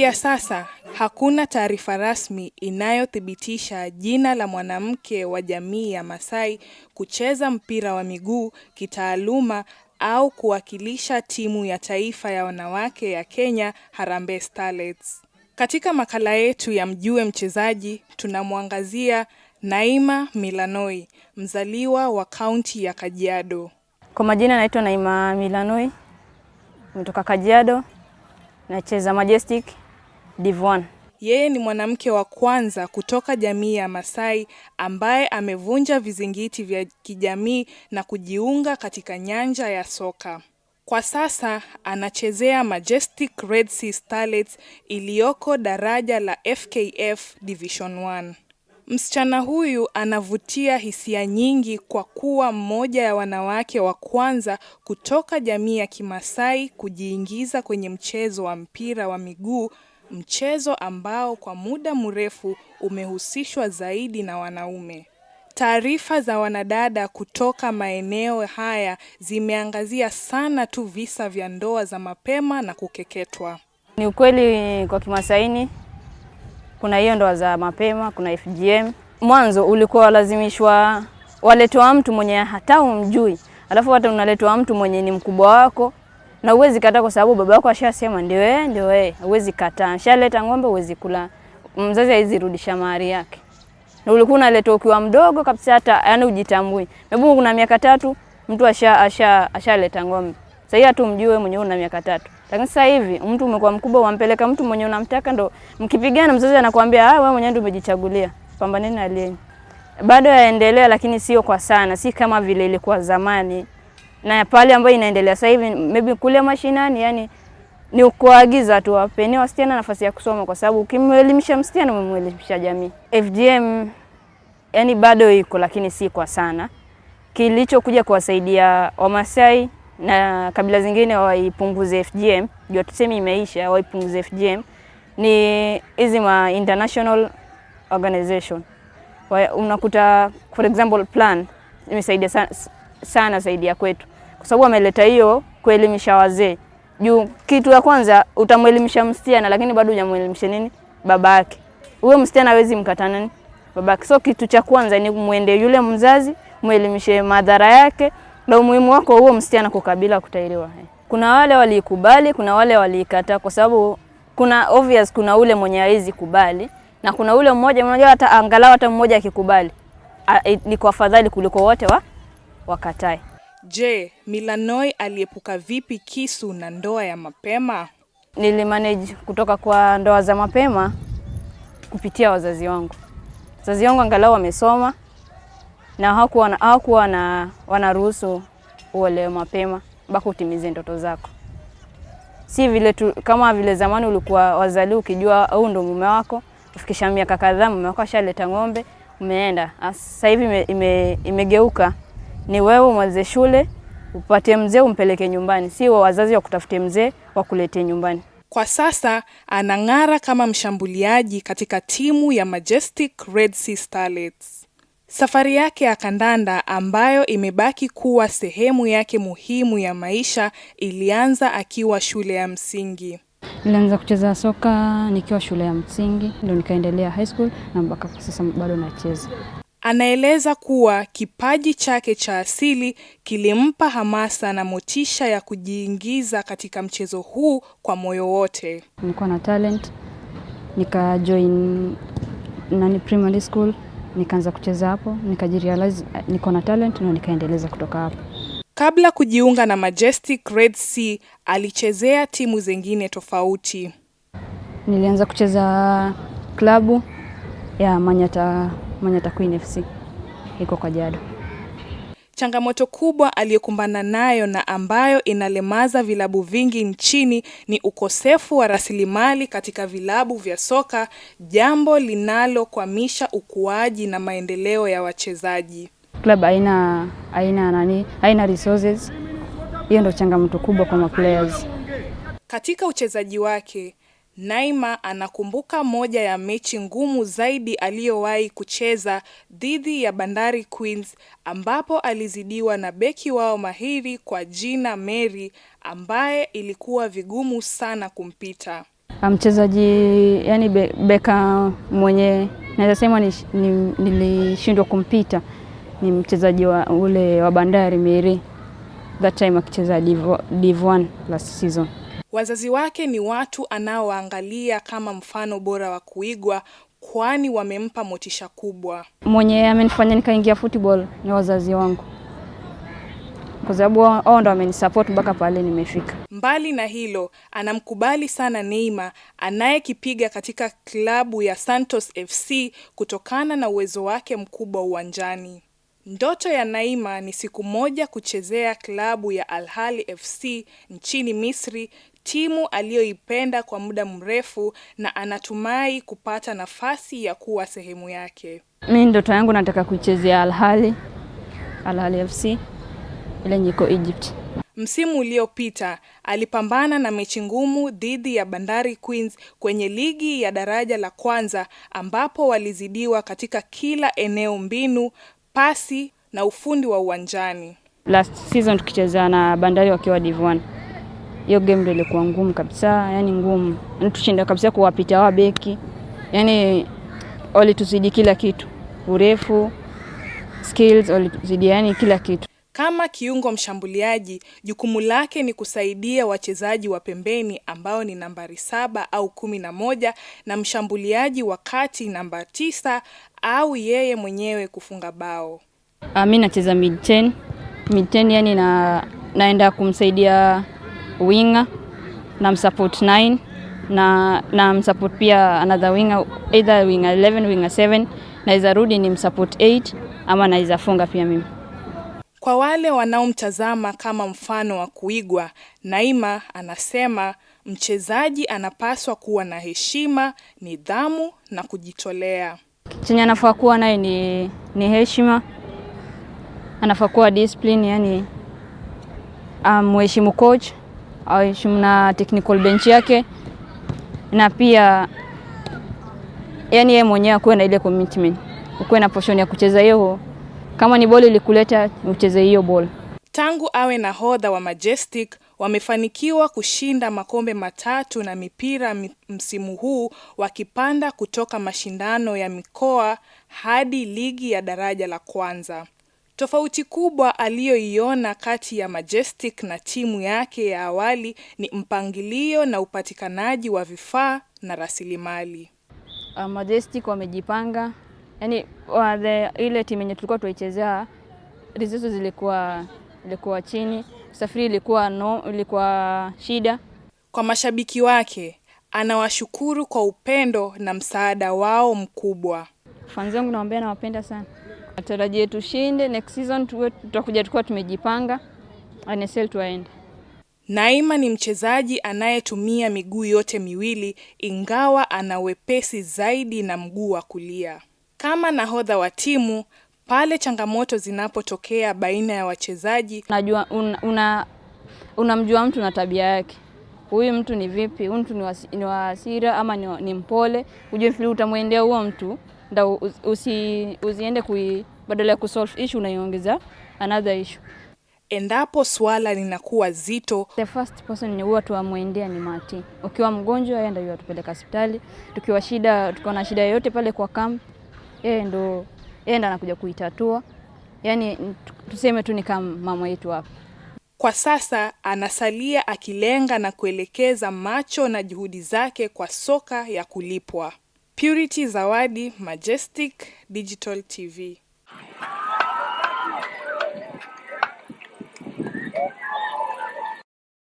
Kufikia sasa hakuna taarifa rasmi inayothibitisha jina la mwanamke wa jamii ya Masai kucheza mpira wa miguu kitaaluma au kuwakilisha timu ya taifa ya wanawake ya Kenya Harambee Starlets. Katika makala yetu ya Mjue Mchezaji tunamwangazia Naima Milanoi, mzaliwa wa kaunti ya Kajiado. Kwa majina naitwa Naima Milanoi, nimetoka Kajiado, nacheza Majestic Divon. Yeye ni mwanamke wa kwanza kutoka jamii ya Masai ambaye amevunja vizingiti vya kijamii na kujiunga katika nyanja ya soka. Kwa sasa anachezea Majestic Red Sea Starlets iliyoko daraja la FKF Division 1. Msichana huyu anavutia hisia nyingi kwa kuwa mmoja ya wanawake wa kwanza kutoka jamii ya Kimasai kujiingiza kwenye mchezo wa mpira wa miguu mchezo ambao kwa muda mrefu umehusishwa zaidi na wanaume. Taarifa za wanadada kutoka maeneo haya zimeangazia sana tu visa vya ndoa za mapema na kukeketwa. Ni ukweli kwa Kimasaini kuna hiyo ndoa za mapema, kuna FGM. Mwanzo ulikuwa walazimishwa, waletwa mtu mwenye hata umjui, alafu hata unaletwa mtu mwenye ni mkubwa wako na uwezi kata kwa sababu baba yako ashasema ndio wewe, ndio wewe, uwezi kata. Ashaleta ng'ombe uwezi kula, mzazi hawezi rudisha mahari yake, na ulikuwa unaleta ukiwa mdogo kabisa, hata yani ujitambui. Hebu kuna miaka tatu mtu asha asha ashaleta ng'ombe, sasa hivi hatu mjue mwenyewe una miaka tatu, lakini sasa hivi mtu umekuwa mkubwa, wampeleka mtu mwenye unamtaka, ndo mkipigana, mzazi anakuambia ah, wewe mwenyewe ndio umejichagulia, pambaneni na alieni. Bado yaendelea, lakini sio kwa sana, si kama vile ilikuwa zamani na pale ambayo inaendelea sasa hivi maybe kule mashinani, yani ni kuagiza tu wapeni wasichana nafasi ya kusoma, kwa sababu ukimwelimisha msichana umemwelimisha jamii. FGM yani bado iko, lakini si kwa sana. Kilichokuja kuwasaidia Wamasai na kabila zingine waipunguze FGM, jua tuseme imeisha, waipunguze FGM ni hizi ma international organization. Unakuta for example plan imesaidia sana sana zaidi ya kwetu, kwa sababu ameleta hiyo kuelimisha wazee juu. Kitu ya kwanza utamwelimisha msichana, lakini bado hujamuelimisha nini babake. Huyo msichana hawezi mkatana nini babake. So kitu cha kwanza ni muende yule mzazi, mwelimishe madhara yake na umuhimu wako huo msichana kukabila kutahiriwa. Kuna wale walikubali, kuna wale waliikataa, kwa sababu kuna obvious, kuna ule mwenye hawezi kubali na kuna ule mmoja. Unajua, hata angalau hata mmoja akikubali ni kwa afadhali kuliko wote wa wakatae. Je, Milanoi aliepuka vipi kisu na ndoa ya mapema? Nilimanage kutoka kwa ndoa za mapema kupitia wazazi wangu. Wazazi wangu angalau wamesoma na hawakuwa hawakuwa wanaruhusu uolewe mapema mpaka utimize ndoto zako. Si vile tu, kama vile zamani ulikuwa wazali ukijua au ndo mume wako ufikisha miaka kadhaa mume wako ashaleta ng'ombe umeenda. Sasa hivi imegeuka ime, ime ni wewe umalize shule upate mzee umpeleke nyumbani, si wa wazazi wa kutafute mzee kuletea nyumbani. Kwa sasa anang'ara kama mshambuliaji katika timu ya Majestic Red Sea Starlets. Safari yake ya kandanda ambayo imebaki kuwa sehemu yake muhimu ya maisha ilianza akiwa shule ya msingi. Nilianza kucheza soka nikiwa shule ya msingi, ndio nikaendelea high school na mpaka sasa bado nacheza. Anaeleza kuwa kipaji chake cha asili kilimpa hamasa na motisha ya kujiingiza katika mchezo huu kwa moyo wote. Nilikuwa na talent, nika join nani primary school, nikaanza kucheza hapo, nikajirealize niko na talent na nikaendeleza kutoka hapo. Kabla kujiunga na Majestic Red Sea, alichezea timu zingine tofauti. Nilianza kucheza klabu ya Manyata mwenye Queen FC iko kwa jado. Changamoto kubwa aliyokumbana nayo na ambayo inalemaza vilabu vingi nchini ni ukosefu wa rasilimali katika vilabu vya soka, jambo linalokwamisha ukuaji na maendeleo ya wachezaji. Club haina haina nani, haina resources. Hiyo ndio changamoto kubwa kwa players katika uchezaji wake naima anakumbuka moja ya mechi ngumu zaidi aliyowahi kucheza dhidi ya Bandari Queens ambapo alizidiwa na beki wao mahiri kwa jina Mary ambaye ilikuwa vigumu sana kumpita. Ah, mchezaji yani beka mwenye naweza sema nilishindwa ni, kumpita ni mchezaji wa, ule wa Bandari Mary that time akicheza div, div 1 last season. Wazazi wake ni watu anaowaangalia kama mfano bora wa kuigwa kwani wamempa motisha kubwa. Mwenye amenifanya nikaingia football ni wazazi wangu kwa sababu wao ndo amenisupport mpaka pale nimefika. Mbali na hilo, anamkubali sana Neymar anayekipiga katika klabu ya Santos FC kutokana na uwezo wake mkubwa uwanjani. Ndoto ya Naima ni siku moja kuchezea klabu ya Al Ahly FC nchini Misri, timu aliyoipenda kwa muda mrefu na anatumai kupata nafasi ya kuwa sehemu yake. Mi ndoto yangu nataka kuichezea Al Ahly, Al Ahly FC ile nyiko Egypt. Msimu uliopita alipambana na mechi ngumu dhidi ya Bandari Queens kwenye ligi ya daraja la kwanza ambapo walizidiwa katika kila eneo mbinu pasi na ufundi wa uwanjani. Last season tukicheza na Bandari wakiwa Div1, hiyo game ndio ilikuwa ngumu kabisa, yani ngumu, yani tushinda kabisa kuwapita wa beki, yani walituzidi kila kitu, urefu, skills walituzidi, yani kila kitu. Kama kiungo mshambuliaji, jukumu lake ni kusaidia wachezaji wa pembeni ambao ni nambari saba au kumi na moja na mshambuliaji wa kati namba tisa au yeye mwenyewe kufunga bao. Ah, mi nacheza midten. Midten yani na, naenda kumsaidia winga na msupport 9 na na msupport pia another winga either winga 11 winga 7 naweza rudi ni msupport 8 ama naweza funga pia mimi. Kwa wale wanaomtazama kama mfano wa kuigwa, Naima anasema mchezaji anapaswa kuwa na heshima, nidhamu na kujitolea. Chenye anafaa kuwa naye ni, ni heshima, anafaa kuwa discipline, yani amheshimu um, coach aheshimu na technical bench yake, na pia yani yeye mwenyewe akuwe na ile commitment, ukuwe na portion ya kucheza hiyo kama ni boli ilikuleta mcheze hiyo boli. Tangu awe nahodha wa Majestic wamefanikiwa kushinda makombe matatu na mipira msimu huu, wakipanda kutoka mashindano ya mikoa hadi ligi ya daraja la kwanza. Tofauti kubwa aliyoiona kati ya Majestic na timu yake ya awali ni mpangilio na upatikanaji wa vifaa na rasilimali. Ah, Majestic wamejipanga yani ile timu yenye tulikuwa tuichezea rizizo zilikuwa ilikuwa chini, safari ilikuwa no, ilikuwa shida. Kwa mashabiki wake anawashukuru kwa upendo na msaada wao mkubwa. Fans wangu nawaambia nawapenda sana, natarajia tushinde next season, tutakuja tukiwa tumejipanga anesel tuwaende. Naima ni mchezaji anayetumia miguu yote miwili ingawa ana wepesi zaidi na mguu wa kulia kama nahodha wa timu pale changamoto zinapotokea baina ya wachezaji. Unajua, una unamjua mtu na tabia yake, huyu mtu ni vipi, huyu mtu ni wa hasira ama ni, ni mpole. Ujue vile utamwendea huo mtu nda usi, usiende kui, badala ya kusolve issue unaiongeza another issue endapo swala linakuwa zito. The first person huwa tuamwendea ni Mati. Ukiwa mgonjwa, yeye ndio atupeleka hospitali, tukiwa shida, tukiwa na shida yoyote pale kwa kambi yeye ndo yeye ndo anakuja kuitatua, yaani tuseme tu ni kama mama yetu hapa. Kwa sasa anasalia akilenga na kuelekeza macho na juhudi zake kwa soka ya kulipwa. Purity Zawadi, Majestic Digital TV.